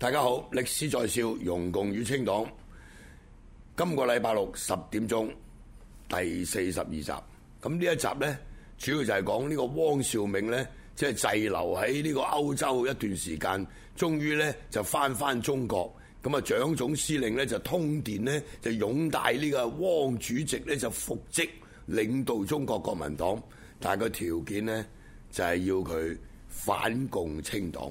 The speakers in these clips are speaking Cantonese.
大家好，歷史在笑，容共與清黨。今個禮拜六十點鐘，第四十二集。咁呢一集呢，主要就係講呢個汪兆銘呢，即係滯留喺呢個歐洲一段時間，終於呢就翻翻中國。咁啊，蔣總司令呢，就通電呢，就擁戴呢個汪主席呢，就復職，領導中國國民黨。但係個條件呢，就係要佢反共清黨。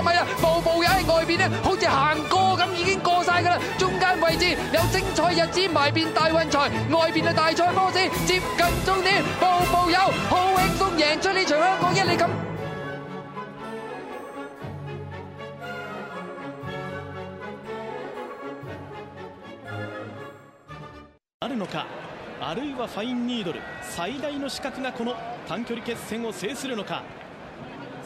唔係啊！步步有喺外邊咧，好似行過咁已經過曬噶啦。中間位置有精彩日子埋邊大運財，外邊嘅大賽波士接近終點，步步有好輕鬆贏出呢場香港一哩錦。あるのか、あるいはファインニードル最大の資格がこの短距離決戦を制するのか。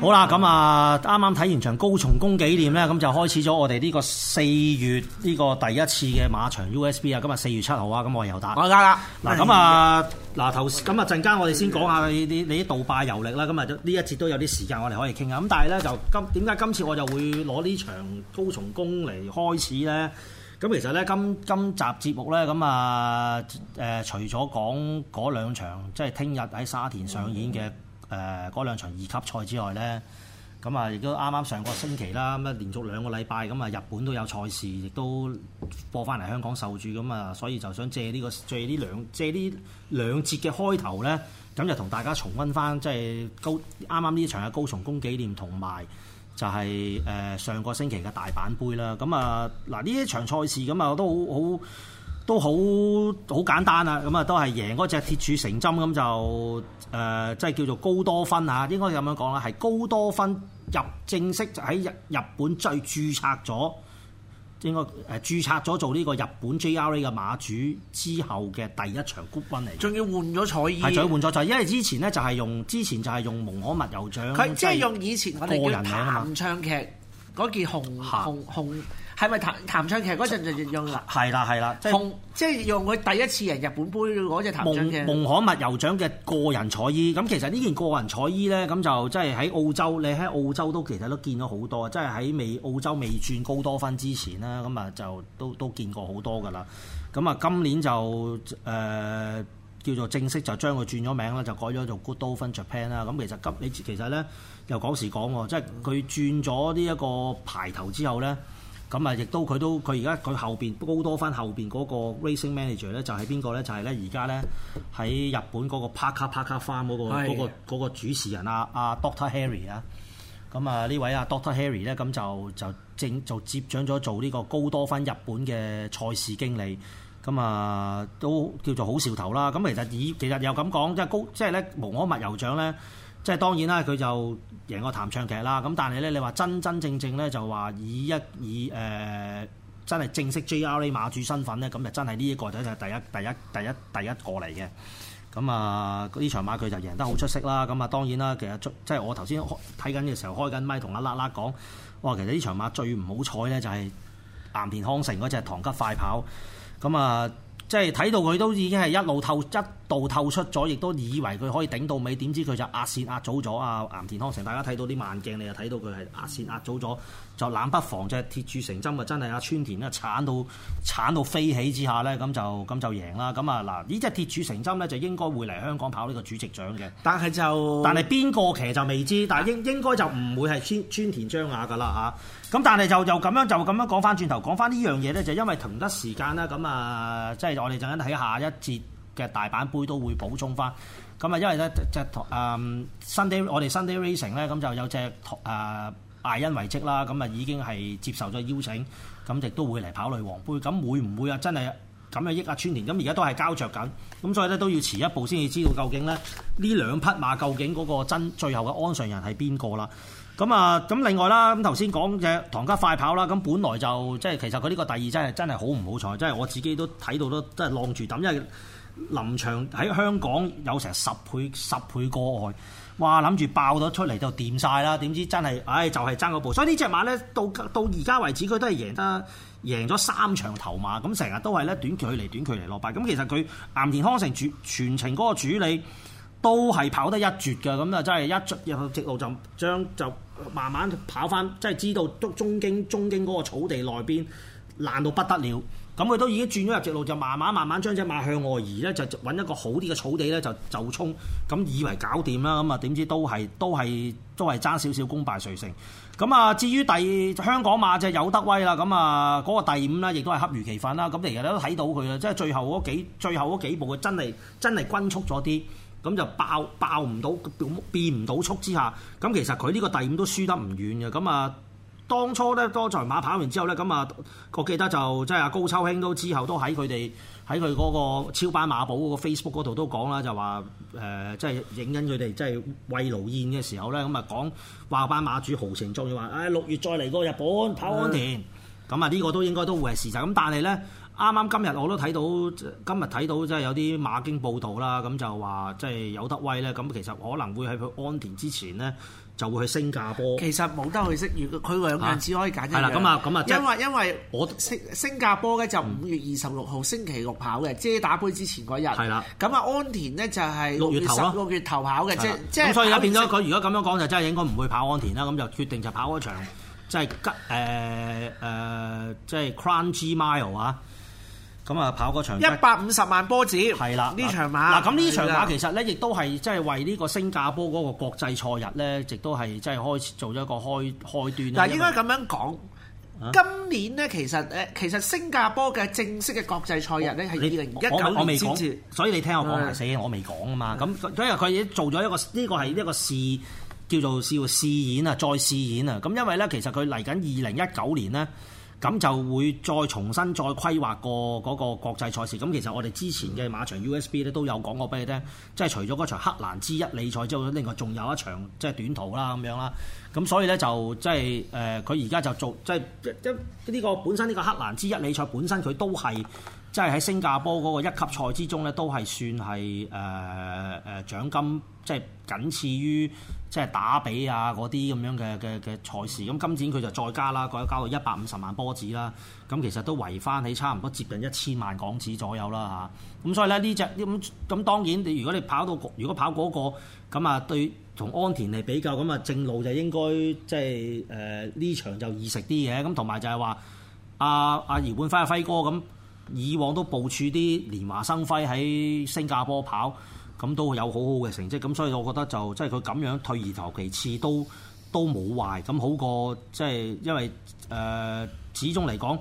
好啦，咁、嗯、啊，啱啱睇完場高松宮紀念咧，咁就開始咗我哋呢個四月呢個第一次嘅馬場 USB 啊，今日四月七號啊，咁我又打，我家又啦。嗱，咁啊、嗯，嗱頭咁啊陣間我哋先講下你啲你啲杜拜遊歷啦，咁啊呢一節都有啲時間我哋可以傾啊，咁但係咧就今點解今次我就會攞呢場高松宮嚟開始咧？咁其實咧，今今集節目咧，咁啊，誒，除咗講嗰兩場，即係聽日喺沙田上演嘅誒嗰兩場二級賽之外咧，咁啊，亦都啱啱上個星期啦，咁啊，連續兩個禮拜，咁啊，日本都有賽事，亦都播翻嚟香港受注，咁啊，所以就想借呢個借呢兩借呢兩節嘅開頭咧，咁就同大家重溫翻，即係高啱啱呢場嘅高松宮紀念同埋。就係、是、誒、呃、上個星期嘅大阪杯啦，咁啊，嗱呢一場賽事，咁啊，都好好都好好簡單啊，咁啊都係贏嗰隻鐵杵成針，咁就誒、呃，即係叫做高多芬啊。應該咁樣講啦，係高多芬入正式日就喺日本再註冊咗。應該誒註冊咗做呢個日本 JRA 嘅馬主之後嘅第一場 Group One 嚟。仲要換咗彩衣，係仲要換咗彩衣，因為之前咧就係用之前就係用蒙可麥油獎，佢即係用以前我哋叫彈唱劇。嗰件紅紅紅係咪譚譚唱劇嗰陣就用嘅？係啦，係啦，紅即係用佢、就是就是，第一次贏日本杯嗰隻譚唱劇。夢可物酋長嘅個人彩衣，咁其實呢件個人彩衣咧，咁就即係喺澳洲，你喺澳洲都其實都見到好多，即係喺未澳洲未轉高多芬之前啦，咁啊就都都見過好多噶啦，咁啊今年就誒。呃叫做正式就將佢轉咗名啦，就改咗做 Godolphin Japan 啦。咁其實今你其實咧又講時講喎，即係佢轉咗呢一個牌頭之後咧，咁啊亦都佢都佢而家佢後邊高多芬後邊嗰個 Racing Manager 咧就係邊個咧？就係咧而家咧喺日本嗰個啪卡啪卡 Farm 嗰個嗰個嗰個主持人啊阿 Doctor Harry 啊。咁啊呢位啊 Doctor Harry 咧咁就就正就接掌咗做呢個高多芬日本嘅賽事經理。咁啊，都叫做好兆頭啦。咁其實以其實又咁講，即係高即係咧穆罕默德酋長咧。即係當然啦，佢就贏個談唱劇啦。咁但係咧，你話真真正正咧就話以一以誒、呃、真係正式 J R A 馬主身份咧，咁就真係呢一個就就第一第一第一第一，第一個嚟嘅。咁啊，呢場馬佢就贏得好出色啦。咁啊，當然啦，其實即係我頭先睇緊嘅時候開緊咪同阿啦啦講，哇！其實呢場馬最唔好彩咧就係岩田康誠嗰隻唐吉快跑。咁啊，即係睇到佢都已經係一路透一度透出咗，亦都以為佢可以頂到尾，點知佢就壓線壓早咗啊！岩田康成，大家睇到啲慢鏡，你又睇到佢係壓線壓早咗，就懶不防隻鐵杵成針啊！真係啊，川田啊，鏟到鏟到飛起之下咧，咁就咁就贏啦！咁啊嗱，呢隻鐵杵成針咧，就應該會嚟香港跑呢個主席獎嘅。但係就但係邊個其實就未知，但係應應該就唔會係川田張亞噶啦啊！咁但係就就咁樣就咁樣講翻轉頭，講翻呢樣嘢咧，就是、因為騰得時間啦，咁啊，即係我哋陣間喺下一節嘅大阪杯都會補充翻。咁啊，因為咧，隻、嗯、同 s u n d a y 我哋 Sunday Racing 咧，咁就有隻啊艾恩維積啦，咁啊已經係接受咗邀請，咁亦都會嚟跑女皇杯。咁會唔會啊？真係咁嘅益啊，川田？咁而家都係膠着緊，咁所以咧都要遲一步先至知道究竟咧呢兩匹馬究竟嗰個真最後嘅鞍上人係邊個啦？咁啊，咁另外啦，咁頭先講隻唐家快跑啦，咁本來就即係其實佢呢個第二真係真係好唔好彩，真係我自己都睇到都真係浪住揼，因為臨場喺香港有成十倍十倍過外，哇諗住爆咗出嚟就掂晒啦，點知真係，唉就係爭嗰步，所以呢隻馬呢，到到而家為止佢都係贏得贏咗三場頭馬，咁成日都係咧短距離短距離落敗，咁其實佢岩田康成全全程嗰個主理都係跑得一絕嘅，咁啊真係一出入直路就將就。慢慢跑翻，即係知道中京中京嗰個草地內邊爛到不得了，咁佢都已經轉咗入直路，就慢慢慢慢將隻馬向外移咧，就揾一個好啲嘅草地咧，就就衝，咁以為搞掂啦，咁啊點知都係都係都係爭少少功敗垂成。咁啊，至於第香港馬就有得威啦，咁啊嗰個第五咧，亦都係恰如其分啦。咁嚟日咧都睇到佢啦，即係最後嗰幾最後嗰幾步，佢真係真係均速咗啲。咁就爆爆唔到變唔到速之下，咁其實佢呢個第五都輸得唔遠嘅。咁啊，當初咧多場馬跑完之後咧，咁啊，我記得就即係阿高秋興都之後都喺佢哋喺佢嗰個超班馬寶嗰個 Facebook 嗰度都講啦，就話誒即係影緊佢哋即係慰勞宴嘅時候咧，咁啊講話班馬主豪情壯志話，唉、哎、六月再嚟過日本跑安田，咁啊呢個都應該都會係事實。咁但係咧。啱啱今日我都睇到，今日睇到即係有啲馬經報道啦，咁就話即係有得威咧，咁其實可能會喺佢安田之前呢就會去新加坡。其實冇得去識，如果佢兩樣只可以揀一樣，係啦，咁啊，咁啊， 因為因為我星新加坡咧就五月二十六號星期六跑嘅遮打杯之前嗰日。係啦的。咁啊，安田呢就係六月頭咯，六月頭跑嘅，即係咁。所以而家變咗佢如果咁樣講，就真係應該唔會跑安田啦。咁就決定跑一就跑嗰場即係吉誒誒，即係 Crunch Mile 啊！咁啊，跑嗰場一百五十萬波子，係啦呢場馬。嗱咁呢場馬其實咧，亦都係即係為呢個新加坡嗰個國際賽日咧，亦都係即係開始做咗一個開開端啦。嗱為，應該咁樣講，啊、今年咧其實誒，其實新加坡嘅正式嘅國際賽日咧係二零一九年我未先至，才所以你聽我講埋先，啊、我未講啊嘛。咁、嗯、因為佢做咗一個呢、呢個係一個試叫做叫試演啊，再試演啊。咁因為咧，其實佢嚟緊二零一九年呢。咁就會再重新再規劃過嗰個國際賽事。咁其實我哋之前嘅馬場 USB 咧都有講過俾你聽，即係除咗嗰場黑蘭之一哩賽之外，另外仲有一場即係短途啦咁樣啦。咁所以咧就即係誒，佢而家就做即係一呢個本身呢個黑蘭之一哩賽本身佢都係即係喺新加坡嗰個一級賽之中咧，都係算係誒誒獎金。即係僅次於即係打比啊嗰啲咁樣嘅嘅嘅賽事，咁今年佢就再加啦，改加到一百五十萬波子啦，咁其實都圍翻起差唔多接近一千萬港紙左右啦嚇。咁所以咧呢隻咁咁當然你如果你跑到如果跑嗰個咁啊，對同安田嚟比較咁啊，正路就應該即係誒呢場就易食啲嘅，咁同埋就係話阿阿姚本輝阿輝哥咁以往都部署啲連華生輝喺新加坡跑。咁都有好好嘅成績，咁所以我覺得就即係佢咁樣退而求其次都都冇壞，咁好過即係因為誒、呃，始終嚟講，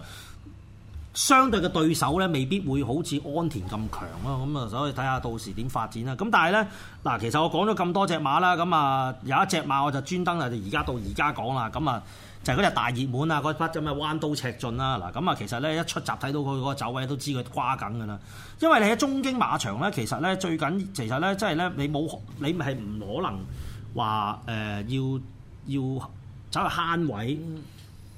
相對嘅對手咧未必會好似安田咁強咯，咁啊，所以睇下到時點發展啦。咁但係呢，嗱，其實我講咗咁多隻馬啦，咁啊有一隻馬我就專登就而家到而家講啦，咁啊。就係嗰隻大熱門啊，嗰匹咁嘅彎刀尺進啦，嗱咁啊，其實咧一出閘睇到佢嗰個走位都知佢瓜緊㗎啦。因為你喺中京馬場咧，其實咧最緊，其實咧即係咧你冇，你係唔可能話誒、呃、要要走去慳位，即、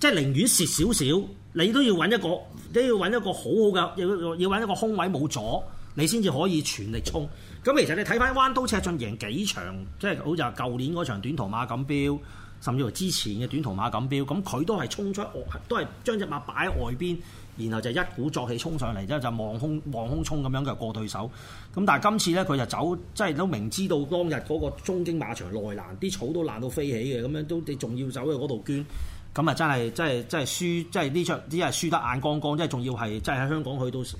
就、係、是、寧願蝕少少，你都要揾一個，都要揾一個好好嘅，要要要揾一個空位冇咗，你先至可以全力衝。咁其實你睇翻彎刀尺進贏幾場，即係好似舊年嗰場短途馬錦標。甚至乎之前嘅短途馬錦標，咁佢都係衝出外，都係將隻馬擺喺外邊，然後就一鼓作氣衝上嚟，之後就望空望空衝咁樣就過對手。咁但係今次呢，佢就走，即係都明知道當日嗰個中京馬場內欄，啲草都爛到飛起嘅，咁樣都你仲要走去嗰度捐，咁啊真係真係真係輸，即係呢場只係輸得眼光光，即係仲要係即係喺香港去到誒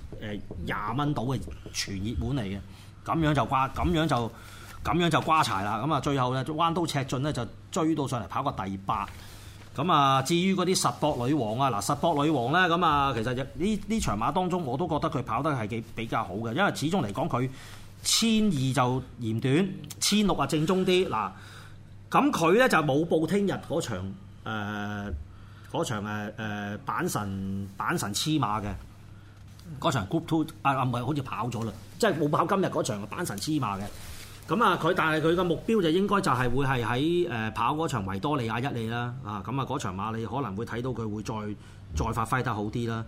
廿蚊到嘅全熱門嚟嘅，咁樣就掛，咁樣就。咁樣就瓜柴啦，咁啊最後咧彎刀尺進咧就追到上嚟跑個第八。咁、嗯、啊至於嗰啲實搏女王啊，嗱實搏女王咧咁啊其實呢呢場馬當中我都覺得佢跑得係幾比較好嘅，因為始終嚟講佢千二就嫌短，千六啊正宗啲嗱。咁佢咧就冇報聽日嗰場誒嗰、呃、場誒誒阪神阪神黐馬嘅嗰場 Group Two 啊唔係好似跑咗啦，即係冇跑今日嗰場阪神黐馬嘅。咁啊，佢但係佢個目標就應該就係會係喺誒跑嗰場維多利亞一里啦，啊咁啊嗰場馬你可能會睇到佢會再再發揮得好啲啦。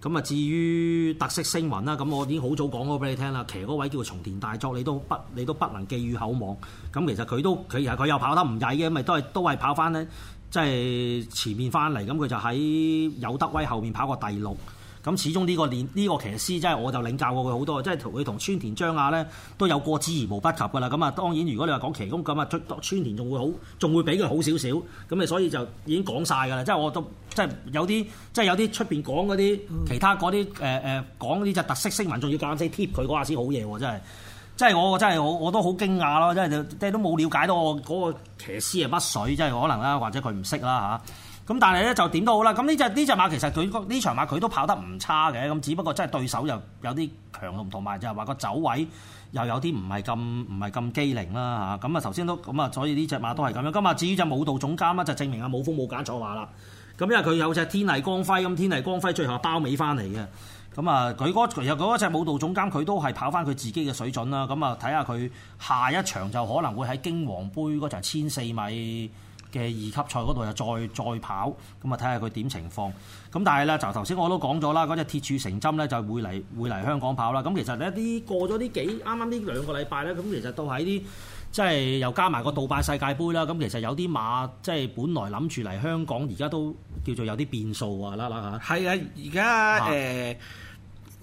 咁啊，至於特色星雲啦，咁我已經好早講咗俾你聽啦，騎嗰位叫做松田大作，你都不你都不能寄予厚望。咁其實佢都佢係佢又跑得唔曳嘅，因為都係都係跑翻呢，即係前面翻嚟，咁佢就喺有德威後面跑過第六。咁始終呢個練呢個騎師真係我就領教過佢好多，即係同佢同川田將雅咧都有過之而無不及㗎啦。咁啊，當然如果你話講騎功咁啊，出川田仲會好，仲會比佢好少少。咁咪所以就已經講晒㗎啦。即係我，、呃、我，我都即係有啲即係有啲出邊講嗰啲其他嗰啲誒誒講呢隻特色聲紋，仲要夾硬貼佢嗰下先好嘢喎！真係，即係我真係我我都好驚訝咯！即係即係都冇了解到我嗰、嗰個騎師係乜水，即係可能啦，或者佢唔識啦嚇。啊咁但係咧就點都好啦，咁呢隻呢隻馬其實佢呢場馬佢都跑得唔差嘅，咁只不過真係對手又有啲強，同埋就係話個走位又有啲唔係咁唔係咁機靈啦嚇。咁啊頭先都咁啊，所以呢隻馬都係咁樣。咁啊，至於隻舞蹈總監啦，就證明阿武豐冇揀錯馬啦。咁因為佢有隻天麗光輝咁，天麗光輝最後包尾翻嚟嘅。咁啊，佢嗰其實嗰隻舞蹈總監佢都係跑翻佢自己嘅水準啦。咁啊，睇下佢下一場就可能會喺京王杯嗰場千四米嘅二級賽嗰度又再再跑，咁啊睇下佢點情況。咁但係咧就頭先我都講咗啦，嗰隻鐵杵成針咧就會嚟會嚟香港跑啦。咁其實一啲過咗呢幾啱啱呢兩個禮拜咧，咁其實都喺啲即係又加埋個杜拜世界盃啦。咁其實有啲馬即係本來諗住嚟香港，而家都叫做有啲變數啊啦啦嚇。係啊，而家誒。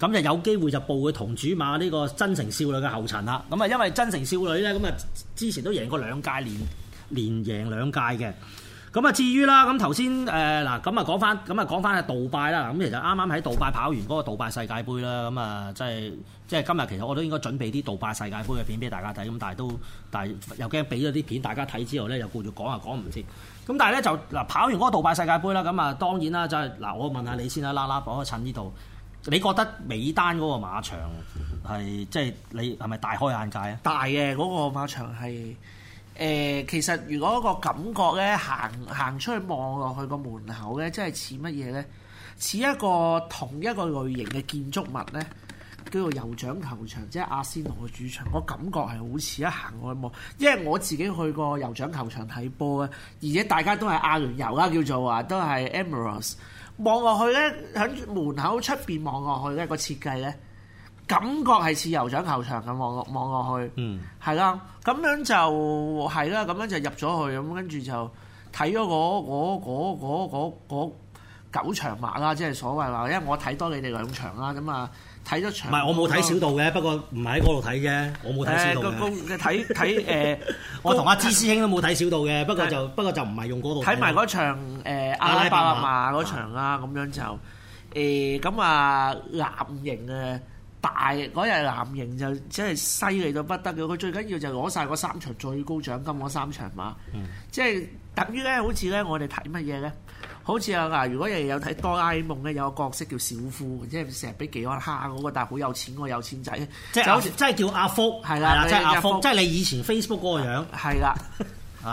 咁就有機會就報佢同主馬呢個真誠少女嘅後塵啦。咁啊，因為真誠少女咧，咁啊之前都贏過兩屆，連連贏兩屆嘅。咁啊，至於啦，咁頭先誒嗱，咁啊講翻，咁啊講翻係杜拜啦。咁其實啱啱喺杜拜跑完嗰個杜拜世界盃啦，咁啊，即係即係今日其實我都應該準備啲杜拜世界盃嘅片俾大家睇。咁但係都但係又驚俾咗啲片大家睇之後咧，又顧住講又講唔切。咁但係咧就嗱，跑完嗰個杜拜世界盃啦，咁啊當然啦，就係、是、嗱，我問下你先啦，啦啦，可唔可趁呢度？你覺得美丹嗰個馬場係即係你係咪大開眼界啊？大嘅嗰個馬場係、呃、其實如果個感覺咧，行行出去望落去個門口咧，即係似乜嘢咧？似一個同一個類型嘅建築物咧，叫做酋長球場，即係阿仙奴嘅主場。我、那個、感覺係好似一行過去望，因為我自己去過酋長球場睇波嘅，而且大家都係阿聯酋啦，叫做話都係 Emirates 望落去呢，喺門口出邊望落去呢，個設計呢，感覺係似酋長球場咁望望落去，嗯，係啦，咁樣就係啦，咁樣就入咗去，咁跟住就睇咗嗰九場馬啦，即係所謂話，因為我睇多你哋兩場啦，咁啊。睇咗場，唔係，我冇睇小道嘅，嗰個、不過唔係喺嗰度睇嘅。我冇睇小道睇睇誒， 呃、 我同阿芝師兄都冇睇小道嘅，不過就是不過就唔係用嗰度睇埋嗰場、呃、阿拉伯馬嗰場啊，咁、啊啊、樣就誒咁、呃、啊藍營嘅大嗰日藍營就真係犀利到不得嘅。佢最緊要就攞晒嗰三場最高獎金嗰三場馬，即係、嗯、等於咧好似咧我哋睇乜嘢咧。好似啊嗱，如果人有睇《哆啦 A 夢》咧，有個角色叫小夫，即係成日俾技安蝦嗰個，但係好有錢喎，嗰個、有錢仔，即係即係叫阿福，係啦的，即係阿福，即係你以前 Facebook 嗰個樣，係啦。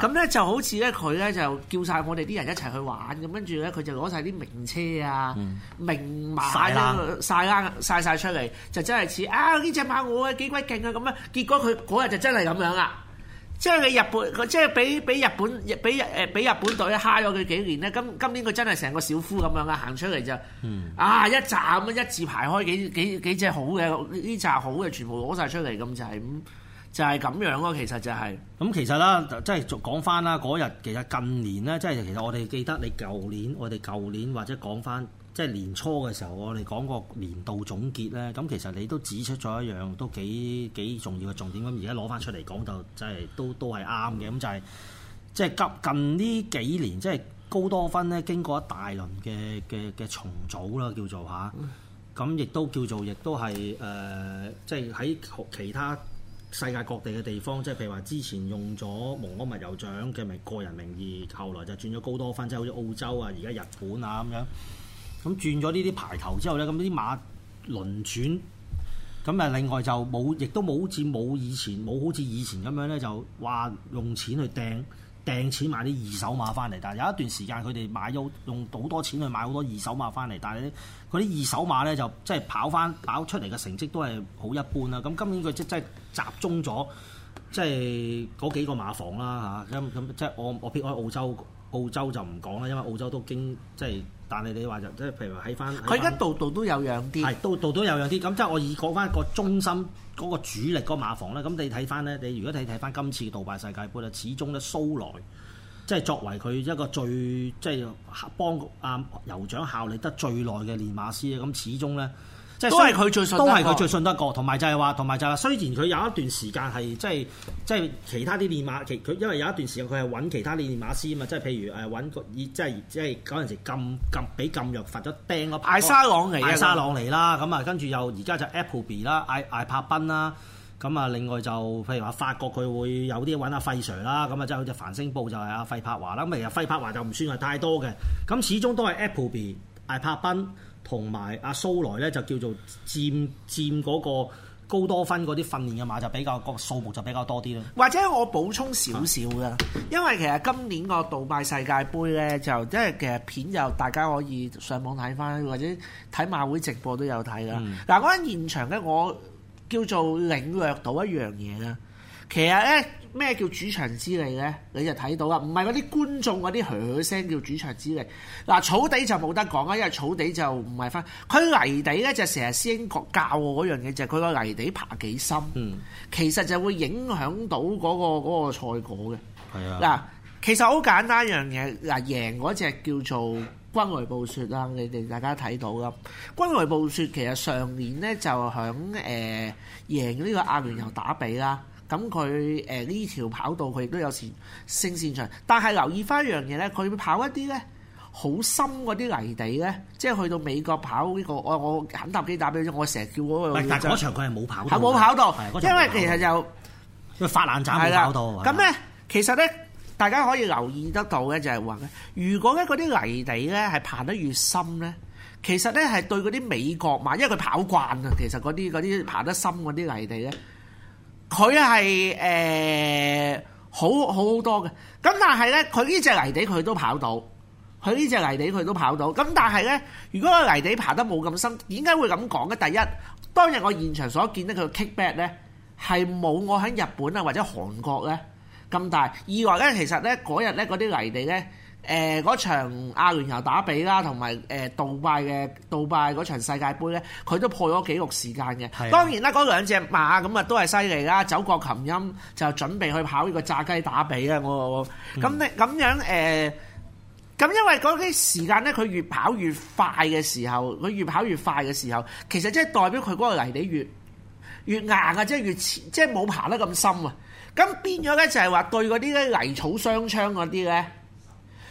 咁咧 就好似咧，佢咧就叫晒我哋啲人一齊去玩，咁跟住咧佢就攞晒啲名車啊、嗯、名馬晒晒晒晒出嚟，就真係似、嗯、啊呢隻馬我啊幾鬼勁啊咁啊！結果佢嗰日就真係咁樣啊！即係你日本，佢即係俾俾日本，亦俾誒俾日本隊蝦咗佢幾年咧。今今年佢真係成個小夫咁樣、嗯、啊，行出嚟就，啊一扎咁樣一字排開幾幾幾隻好嘅呢扎好嘅全部攞晒出嚟咁就係、是、咁就係、是、咁樣咯。其實就係、是、咁、嗯，其實啦，即係講翻啦嗰日。其實近年咧，即係其實我哋記得你舊年，我哋舊年或者講翻。即係年初嘅時候，我哋講個年度總結咧，咁其實你都指出咗一樣都幾幾重要嘅重點。咁而家攞翻出嚟講，就真係都都係啱嘅。咁就係即係近呢幾年，即係高多芬咧，經過一大輪嘅嘅嘅重組啦，叫做吓。咁亦都叫做，亦都係誒，即係喺其他世界各地嘅地方，即係譬如話之前用咗蒙安馬酋長嘅名個人名義，後來就轉咗高多芬，即係好似澳洲啊，而家日本啊咁樣，咁轉咗呢啲排頭之後咧，咁啲馬輪轉，咁啊另外就冇，亦都冇好似冇以前冇好似以前咁樣咧，就話用錢去掟掟錢買啲二手馬翻嚟。但係有一段時間佢哋買咗用好多錢去買好多二手馬翻嚟，但係咧，嗰啲二手馬咧就即係跑翻跑出嚟嘅成績都係好一般啦。咁今年佢即即係集中咗，即係嗰幾個馬房啦嚇。咁、啊、咁即係我我偏愛澳洲，澳洲就唔講啦，因為澳洲都經即係。但係你話就即係譬如話喺翻，佢而家度度都有樣啲，係是度度都有樣啲。咁 即係我以講翻個中心嗰個主力嗰馬房咧，咁你睇翻咧，你如果睇睇翻今次嘅杜拜世界盃咧，始終咧蘇萊即係作為佢一個最即係幫啊，酋長效力得最耐嘅練馬師咧，咁始終咧。即係都係佢最都係佢最信得過同埋就係話，同埋就係話，雖然佢有一段時間係即係即係其他啲練馬，其佢因為有一段時間佢係揾其他啲練馬師啊嘛，即係譬如誒揾個即係即係嗰陣時禁禁俾禁藥罰咗釘嗰派沙朗嚟，派沙朗嚟啦。咁啊，跟住又而家就 Appleby 啦，艾艾柏賓啦。咁啊，另外就譬如話法國佢會有啲揾阿費 Sir 啦。咁啊，即係好似繁星報就係阿費柏華啦。咁啊，費柏華就唔算係太多嘅。咁始終都係 Appleby、艾柏賓。同埋阿蘇來咧就叫做佔佔嗰個高多芬嗰啲訓練嘅馬就比較、嗰個數目就比較多啲啦。或者我補充少少㗎，啊、因為其實今年個杜拜世界盃咧就即係其實片段大家可以上網睇返，或者睇馬會直播都有睇啦。嗱、嗯，嗰陣、啊那個、現場咧，我叫做領略到一樣嘢啦，其實咧。咩叫主場之利呢？你就睇到啦，唔係嗰啲觀眾嗰啲噓哼哼聲叫主場之利。嗱，草地就冇得講啦，因為草地就唔係翻。佢泥地呢就成日師兄教我嗰樣嘢，就係佢個泥地爬幾深，嗯、其實就會影響到嗰、嗰個嗰、嗰個、賽果嘅。係啊，嗱，其實好簡單一樣嘢，嗱，贏嗰隻叫做軍雷暴雪啦，你哋大家睇到啦。軍雷暴雪其實上年呢就響誒、呃、贏呢個阿聯酋打比啦。咁佢誒呢條跑道佢亦都有時升線場，但係留意翻一樣嘢咧，佢跑一啲咧好深嗰啲泥地咧，即係去到美國跑呢、呢個我我肯搭機打比賽，我成日叫嗰個。但係嗰場佢係冇跑道。冇跑道，因為其實就發爛渣嘅跑道。咁咧，其實咧，大家可以留意得到咧，就係話咧，如果咧嗰啲泥地咧係爬得越深咧，其實咧係對嗰啲美國嘛，因為佢跑慣啊，其實嗰啲嗰啲爬得深嗰啲泥地咧。佢係誒好好多嘅，咁但係呢，佢呢隻泥地佢都跑到，佢呢隻泥地佢都跑到，咁但係呢，如果個泥地爬得冇咁深，點解會咁講呢？第一，當日我現場所見呢，佢嘅 kickback 呢係冇我喺日本啊或者韓國呢咁大，二來呢，其實呢嗰日呢嗰啲泥地呢。誒嗰、呃、場阿聯酋打比啦，同埋誒杜拜嘅杜拜嗰場世界盃呢，佢都破咗紀錄時間嘅。是啊、當然啦，嗰兩隻馬咁啊都係犀利啦。走過琴音就準備去跑呢個炸雞打比啦。我咁你咁樣誒咁，呃、因為嗰啲時間呢，佢越跑越快嘅時候，佢越跑越快嘅時候，其實即係代表佢嗰個泥地越越硬啊，即係越即係冇爬得咁深啊。咁變咗呢，就係話對嗰啲呢泥草雙槍嗰啲呢。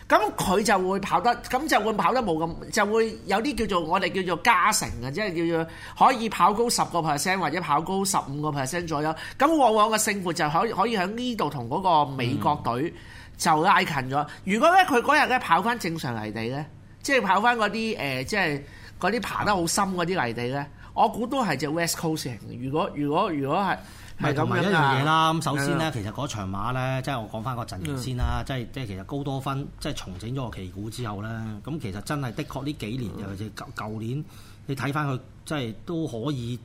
咁佢就會跑得，咁就會跑得冇咁，就會有啲叫做我哋叫做加成嘅，即係叫做可以跑高十個 percent 或者跑高十五個 percent 左右。咁往往嘅勝負就可可以喺呢度同嗰個美國隊就拉近咗。如果咧佢嗰日咧跑翻正常泥地呢，即係跑翻嗰啲誒，即係嗰啲爬得好深嗰啲泥地呢，我估都係隻 West Coast 型。如果如果如果係。唔係咁樣啦。咁首先咧，其實嗰場馬咧，嗯、即係我講翻個陣型先啦。即係即係其實高多芬即係重整咗個旗鼓之後咧，咁其實真係的確呢幾年，嗯、尤其是舊舊年，你睇翻佢即係都可以誒誒、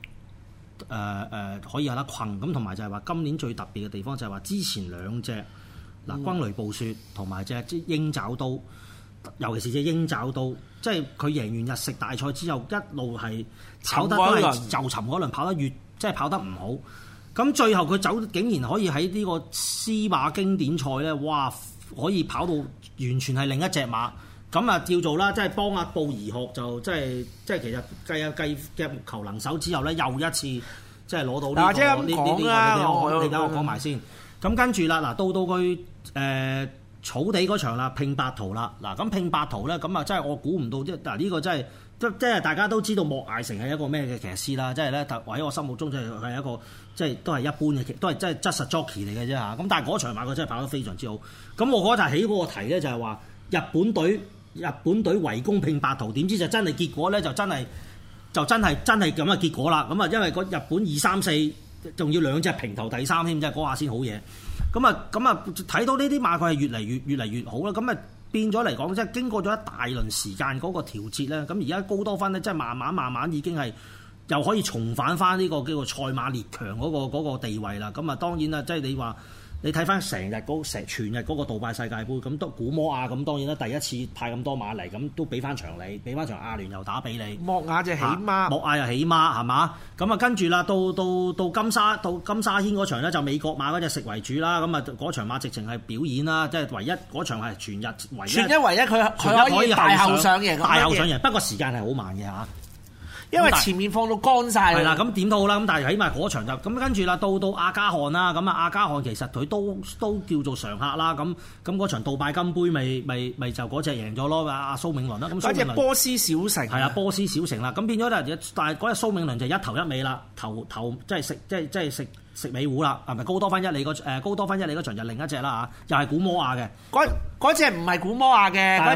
呃呃、可以有得困。咁同埋就係話今年最特別嘅地方就係話，之前兩隻嗱，轟、嗯、雷暴雪同埋隻即鷹爪刀，尤其是隻鷹爪刀，即係佢贏完日食大賽之後，一路係跑得都係就尋嗰輪跑得越即係跑得唔跑得 好。咁最後佢走竟然可以喺呢個司馬經典賽咧，哇！可以跑到完全係另一隻馬，咁啊叫做啦，即係幫阿布兒學就即係即係其實計下計嘅球能手之後咧，又一次即係攞到呢啲呢啲我哋我我講埋先，咁跟住啦嗱，到到佢誒草地嗰場啦，拼白圖啦，嗱咁拼白圖咧，咁啊真係我估唔到即係嗱呢個真係。即即係大家都知道莫艾成係一個咩嘅騎師啦，即係咧，或喺我心目中就係一個即係都係一般嘅，都係真係質實 jockey 嚟嘅啫嚇。咁但係嗰場馬佢真係跑得非常之好。咁我嗰陣起嗰個題咧就係話日本隊日本隊圍攻拼八圖，點知就真係結果咧就真係就真係真係咁嘅結果啦。咁啊因為個日本二三四仲要兩隻平頭第三添，即係嗰下先好嘢。咁啊咁啊睇到呢啲馬佢係越嚟越越嚟越好啦。咁啊～變咗嚟講，即係經過咗一大輪時間嗰個調節咧，咁而家高多芬咧，即係慢慢慢慢已經係又可以重返翻、這、呢個叫做賽馬列強嗰、嗰個嗰個地位啦。咁啊，當然啦，即係你話。你睇翻成日成、嗰個、全日嗰個杜拜世界盃，咁都古摩亞，咁當然啦，第一次派咁多馬嚟，咁都俾翻場你場，俾翻場亞聯又打俾你莫就、啊。莫亞隻起馬，莫亞又起馬係嘛？咁、嗯、啊跟住啦，到到到金沙到金沙軒嗰場咧，就美國馬嗰隻食為主啦。咁啊嗰場馬直情係表演啦，即係唯一嗰場係全日唯一，唯一，一唯一佢佢可以大後上，後上贏，大後上贏，不過時間係好慢嘅嚇。啊因為前面放到乾晒啦，係啦，咁點都好啦。咁但係起碼嗰場就咁跟住啦，到到阿加汗啊，咁啊阿加汗其實佢都都叫做常客啦。咁咁嗰場杜拜金杯咪咪咪就嗰隻贏咗咯，阿蘇銘倫啦。咁嗰隻波斯小城係啊，波斯小城啦。咁變咗咧，但係嗰日蘇銘倫就一頭一尾啦，頭頭即係食即係即係食。即係即係即係即係食尾糊啦，係咪高多芬一？你個誒高多芬一，你嗰場就另一隻啦嚇，又係古魔亞嘅。嗰嗰隻唔係古魔亞嘅，嗰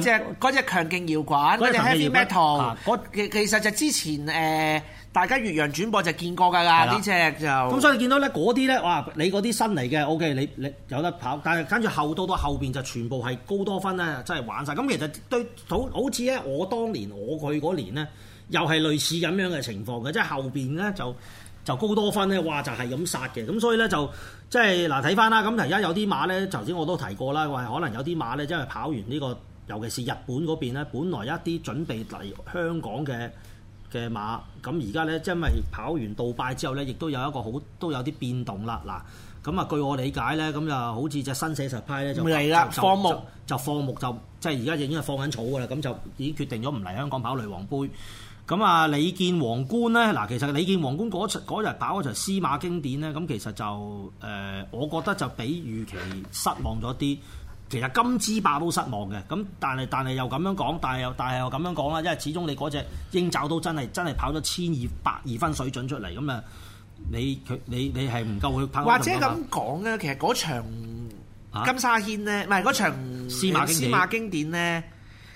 隻隻強勁搖滾，嗰隻 Heavy Metal 其其實就之前誒、呃、大家越洋轉播就見過㗎啦，呢隻的就。咁所以見到咧嗰啲咧，哇！你嗰啲新嚟嘅 O K，你你，你有得跑，但係跟住後到到後邊就全部係高多芬咧，真係玩晒。咁其實對好似咧，我當年我去嗰年呢，又係類似咁樣嘅情況嘅，即係後邊咧就。就高多芬咧，哇！就係、是、咁殺嘅，咁所以呢，就即係嗱睇翻啦。咁而家有啲馬呢，頭先我都提過啦，話、哎、可能有啲馬呢，因為跑完呢、這個，尤其是日本嗰邊咧，本來一啲準備嚟香港嘅嘅馬，咁而家呢，因為跑完杜拜之後呢，亦都有一個好都有啲變動啦。嗱、嗯，咁啊據我理解呢，咁就好似隻新寫實派呢，就嚟啦，放牧就，就，就，就放牧就，就，放，就即係而家已經係放緊草噶啦，咁、嗯、就已經決定咗唔嚟香港跑女王杯。咁啊，李健王冠咧，嗱，其實李健王冠嗰日跑嗰場《司馬經典》咧，咁其實就誒、呃，我覺得就比預期失望咗啲。其實金之霸都失望嘅，咁但係但係又咁樣講，但係又但係又咁樣講啦，因為始終你嗰隻應詔都真係真係跑咗千二百二分水準出嚟，咁啊，你佢你你係唔夠佢跑，或者咁講咧，其實嗰場《金沙軒呢》咧、啊，唔係嗰場《司馬經典呢》咧。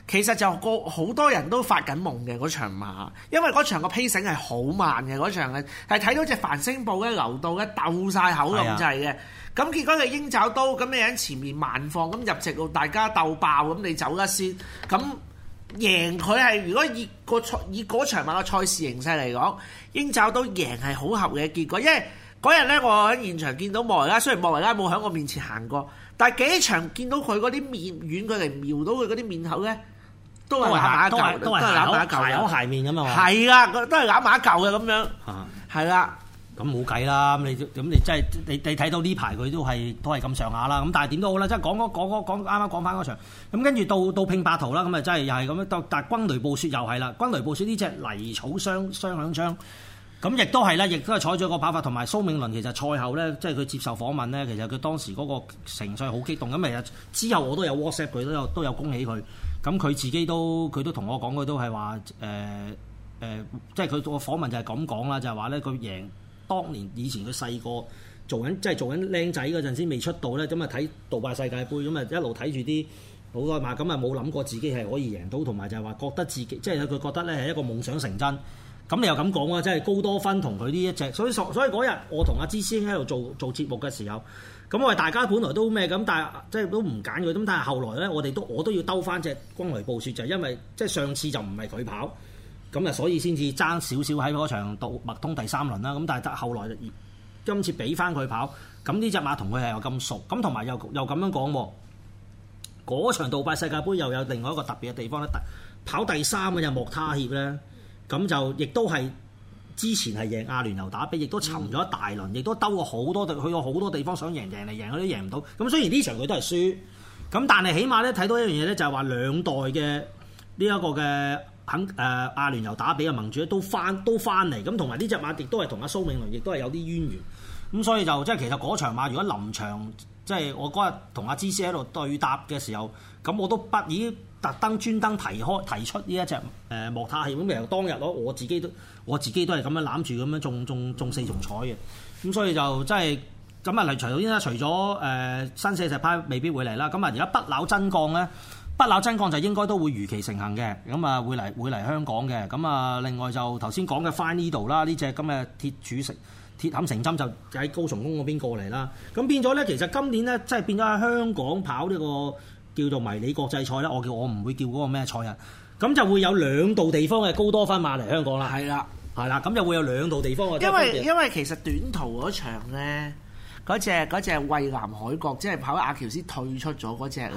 其實就個好多人都發緊夢嘅嗰場馬，因為嗰場個 pacing 係好慢嘅嗰場嘅，係睇到隻繁星步咧流到咧鬥晒口咁滯嘅。咁的結果嘅鷹爪刀咁，你喺前面慢放咁入直路，大家鬥爆咁，你走一先咁贏。佢係如果以個賽以嗰場馬嘅賽事形勢嚟講，鷹爪刀贏係好合嘅結果，因為嗰日呢，我喺現場見到莫維拉，雖然莫維拉冇喺我面前行過，但係幾場見到佢嗰啲面遠距離瞄到佢嗰啲面口呢。都係攬埋一嚿，都係攬埋一嚿，鞋面咁啊！係啊，都係攬埋一嚿嘅咁樣，係啦。咁冇計啦，咁你咁你真係你你睇到呢排佢都係都係咁上下啦。咁但係點都好啦，即係講嗰講嗰講啱啱講翻嗰場。咁跟住到到拼八圖啦，咁啊真係又係咁樣。但係軍雷暴雪又係啦，軍雷暴雪呢隻泥草雙雙響槍，咁亦都係啦，亦都係採咗個跑法。同埋蘇銘倫其實賽後咧，即係佢接受訪問咧，其實佢當時嗰個情緒好激動。咁咪之後我都有 WhatsApp 佢，都有都有恭喜佢。咁佢自己都佢都同我講，佢都係話誒誒，即係佢個訪問就係咁講啦，就係話咧佢贏當年以前佢細個做緊，即係做緊僆仔嗰陣時未出道咧，咁啊睇杜拜世界盃，咁啊一路睇住啲好耐嘛，咁啊冇諗過自己係可以贏到，同埋就係話覺得自己即係佢覺得咧係一個夢想成真。咁你又咁講啊？即係高多芬同佢呢一隻，所以所以嗰日我同阿芝師兄喺度做做節目嘅時候。咁我哋大家本來都咩咁，但係即係都唔揀佢。咁但係後來咧，我哋都我都要兜翻隻轟雷暴雪，就係因為即係上次就唔係佢跑，咁又所以先至爭少少喺嗰場杜麥通第三輪啦。咁但係得後來，今次俾翻佢跑，咁呢隻馬同佢係有咁熟，咁同埋又又咁樣講喎。嗰場杜拜世界盃又有另外一個特別嘅地方咧，跑第三嘅就莫他協咧，咁就亦都係。之前係贏阿聯酋打比，亦都沉咗一大輪，亦都兜過好多地，去過好多地方想贏贏嚟贏，佢都贏唔到。咁雖然呢場佢都係輸，咁但係起碼咧睇到一樣嘢咧，就係話兩代嘅呢一個嘅肯誒、呃、阿聯酋打比嘅盟主都翻都翻嚟，咁同埋呢隻馬亦都係同阿蘇永倫亦都係有啲淵源。咁所以就即係其實嗰場馬，如果臨場即係、就是、我嗰日同阿芝 C 喺度對答嘅時候，咁我都不以。特登專登提開提出呢一隻誒莫、呃、塔本咁，由當日我我自己都我自己都係咁樣攬住咁樣中中中四重彩嘅，咁所以就真係咁啊嚟！除咗依家除咗誒、呃、新四石派未必會嚟啦，咁啊而家不鏽增降咧，不鏽增降就應該都會如期成行嘅，咁啊會嚟會嚟香港嘅，咁啊另外就頭先講嘅翻呢度啦，呢隻咁嘅鐵杵成鐵杵成針就喺高松宮嗰邊過嚟啦，咁變咗咧其實今年咧即係變咗喺香港跑呢、這個。叫做迷你國際賽啦，我叫我唔會叫嗰個咩賽日，咁就會有兩度地方嘅高多芬馬嚟香港啦。係啦，係啦，咁就會有兩度地方嘅。因為因為其實短途嗰場咧，嗰隻嗰隻蔚藍海國，即係跑阿喬斯退出咗嗰隻咧，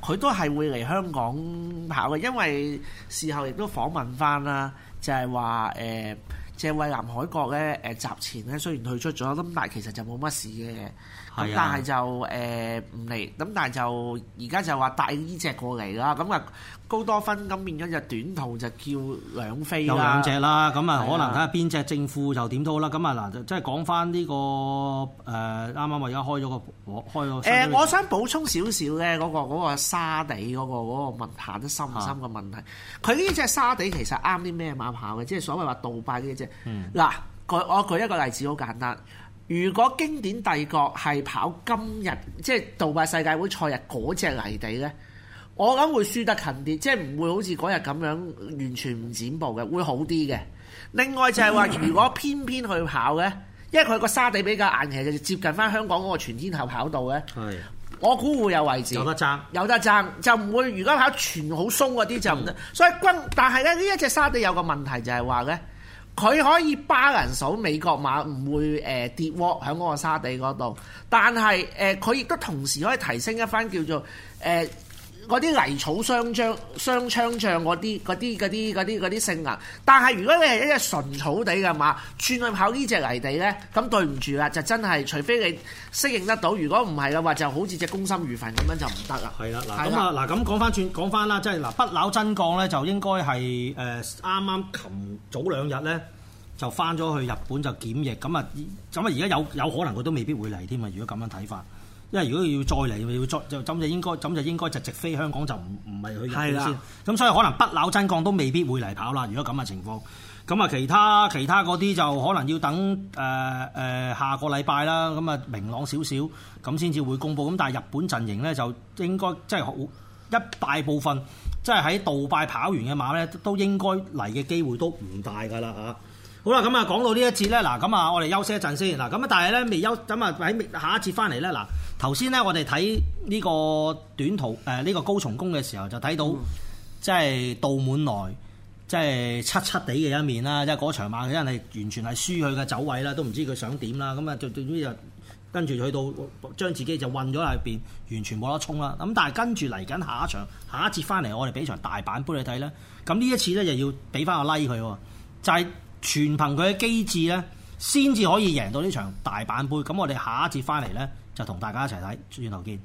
佢都係會嚟香港跑嘅，因為事後亦都訪問翻啦，就係話誒，即係蔚藍海國咧誒，集前咧雖然退出咗，咁但係其實就冇乜事嘅。但係就誒唔嚟，咁、呃、但係就而家就話帶呢隻過嚟啦。咁話高多芬咁變咗隻短途就叫兩飛啦。有兩隻啦，咁啊的可能睇下邊隻正負就點都啦。咁啊嗱，就即係講翻呢個誒啱啱話而家開咗個開個誒，我想補充少少咧，嗰、那個沙地嗰、那個嗰、那個問下得深唔深嘅問題。佢呢隻沙地其實啱啲咩馬跑嘅？即係所謂話杜拜呢隻。嗱、嗯，舉我舉一個例子，好簡單。如果經典帝國係跑今日即係杜拜世界盃賽日嗰隻泥地咧，我諗會輸得近啲，即係唔會好似嗰日咁樣完全唔展步嘅，會好啲嘅。另外就係話，如果偏偏去跑嘅，因為佢個沙地比較硬其實，接近翻香港嗰個全天候跑道嘅。的我估會有位置。有得爭，有得爭，就唔會。如果跑全好鬆嗰啲就唔得。的所以均，但係呢，呢一隻沙地有個問題就係話呢。佢可以巴人數美國馬，唔會誒跌鍋喺嗰個沙地嗰度，但係誒佢亦都同時可以提升一翻叫做誒。呃嗰啲泥草雙槍雙槍仗嗰啲嗰啲嗰啲嗰啲啲性能，但係如果你係一隻純草地嘅馬，轉去跑呢隻泥地呢，咁對唔住啦，就真係除非你適應得到，如果唔係嘅話，就好似隻攻心如焚咁樣就唔得啦。係啦，嗱咁啊，嗱咁講翻轉講翻啦，即係嗱不朽真降呢，就應該係誒啱啱琴早兩日呢，就翻咗去日本就檢疫，咁啊咁啊，而家有有可能佢都未必會嚟添啊，如果咁樣睇法。因為如果要再嚟，要再就咁就應該，咁就應該就直，直飛香港，就唔唔係去。係啦。咁所以可能不老真降都未必會嚟跑啦。如果咁嘅情況，咁啊其他其他嗰啲就可能要等誒誒、呃呃、下個禮拜啦。咁啊明朗少少，咁先至會公布。咁但係日本陣營咧，就應該即係好一大部分，即係喺杜拜跑完嘅馬咧，都應該嚟嘅機會都唔大㗎啦嚇。啊好啦，咁啊，講到呢一節咧，嗱，咁啊，我哋休息一陣先，嗱，咁啊，但係咧未休，咁啊喺下一節翻嚟咧，嗱，頭先咧我哋睇呢個短途誒呢、呃呢個高松宮嘅時候就睇到、嗯、即係倒滿來即係七七地嘅一面啦，即係嗰場馬真係完全係輸佢嘅走位啦，都唔知佢想點啦，咁啊就最尾就跟住去到將自己就韞咗喺入邊，完全冇得衝啦，咁但係跟住嚟緊下一場下一節翻嚟，我哋俾場大阪杯你睇啦，咁呢一次咧又要俾翻個拉佢喎，就係、是。全憑佢嘅機智咧，先至可以贏到呢場大阪杯。咁我哋下一節返嚟咧，就同大家一齊睇，轉頭見。